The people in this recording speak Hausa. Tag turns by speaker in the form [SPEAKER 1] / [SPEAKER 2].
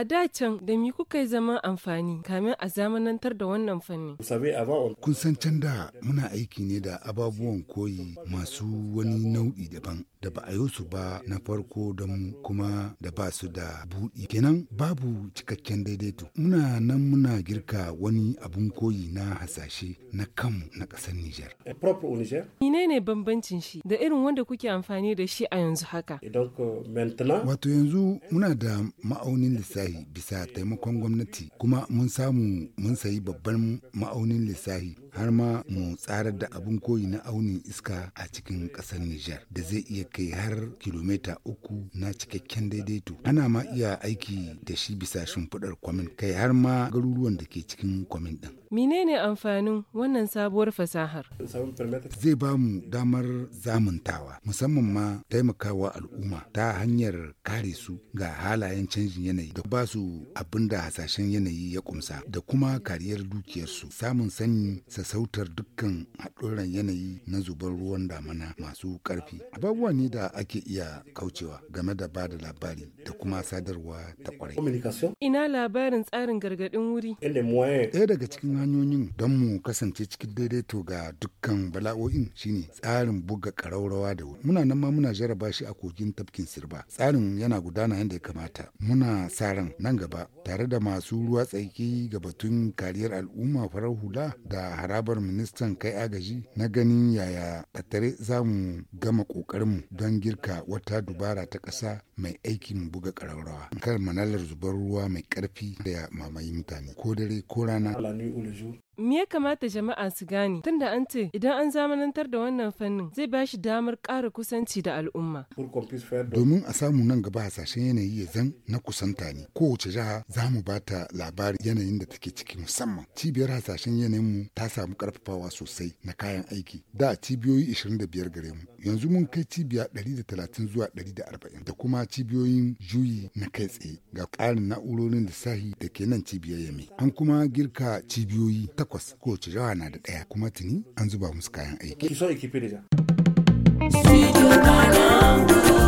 [SPEAKER 1] A da can da mi kuka yi zaman amfani kamin a zamanantar da wannan fanni?
[SPEAKER 2] Kun san can da muna aiki ne da ababuwan koyi masu wani nau'i daban. da ba a yi su ba na farko da mu kuma da ba su da buɗi kenan babu cikakken daidaito muna nan muna girka wani abun koyi na hasashe na kanmu na ƙasar Nijar.
[SPEAKER 1] Mine ne bambancin shi da irin wanda kuke amfani da shi a yanzu haka? Euh,
[SPEAKER 2] Wato yanzu muna da ma'aunin lissahi bisa taimakon gwamnati kuma mun samu mun sayi babban ma'aunin lissahi har ma mu tsarar da abin koyi na aunin iska a cikin ƙasar Nijar da zai iya kai har kilomita uku na cikakken daidaito. Ana ma iya aiki da shi bisa shimfiɗar kwamin kai har ma garuruwan da ke cikin kwamin ɗin.
[SPEAKER 1] Menene amfanin wannan sabuwar fasahar?
[SPEAKER 2] Zai ba mu damar zamantawa, musamman ma taimakawa al'umma ta hanyar kare su ga halayen canjin yanayi da ba su abin da hasashen yanayi ya kumsa da kuma kariyar dukiyarsu. Samun sanyi sassautar dukkan haɗuran yanayi na zubar ruwan damana masu ƙarfi. Abubuwa ne da ake iya kaucewa game da ba da labari da kuma sadarwa ta ƙwarai.
[SPEAKER 1] Ina labarin tsarin gargaɗin wuri.
[SPEAKER 2] Ɗaya daga cikin hanyoyin don mu kasance cikin daidaito ga dukkan bala'o'in shine tsarin buga ƙaraurawa da wuri. Muna nan ma muna jaraba shi a kogin tafkin sirba. Tsarin yana gudana yadda ya kamata. Muna sa ran nan gaba tare da masu ruwa tsaki ga batun kariyar al'umma farar hula da harabar ministan kai agaji na ganin yaya tattare za mu gama ƙoƙarinmu don girka wata dubara ta ƙasa mai aikin buga ƙaraurawa Kar manalar zubar ruwa mai ƙarfi da mamayi mutane ko dare ko rana. le jour
[SPEAKER 1] me ya kamata jama'a su gane tunda an ce idan an zamanantar da wannan fannin zai ba shi damar ƙara kusanci da al'umma.
[SPEAKER 2] Domin a samu nan gaba hasashen yanayi ya zan na kusanta ne kowace jiha za mu ba ta labarin yanayin da take ciki musamman cibiyar hasashen yanayin mu ta samu karfafawa sosai na kayan aiki da cibiyoyi 25 gare mu yanzu mun kai cibiya talatin zuwa 140 da arba'in. da kuma cibiyoyin juyi na kai tsaye ga ƙarin na'urorin lissahi da ke nan cibiyar yame an kuma girka cibiyoyi takwas kowace jawa na da ɗaya kuma tuni an zuba musu kayan aiki.
[SPEAKER 1] Studio Kalangu.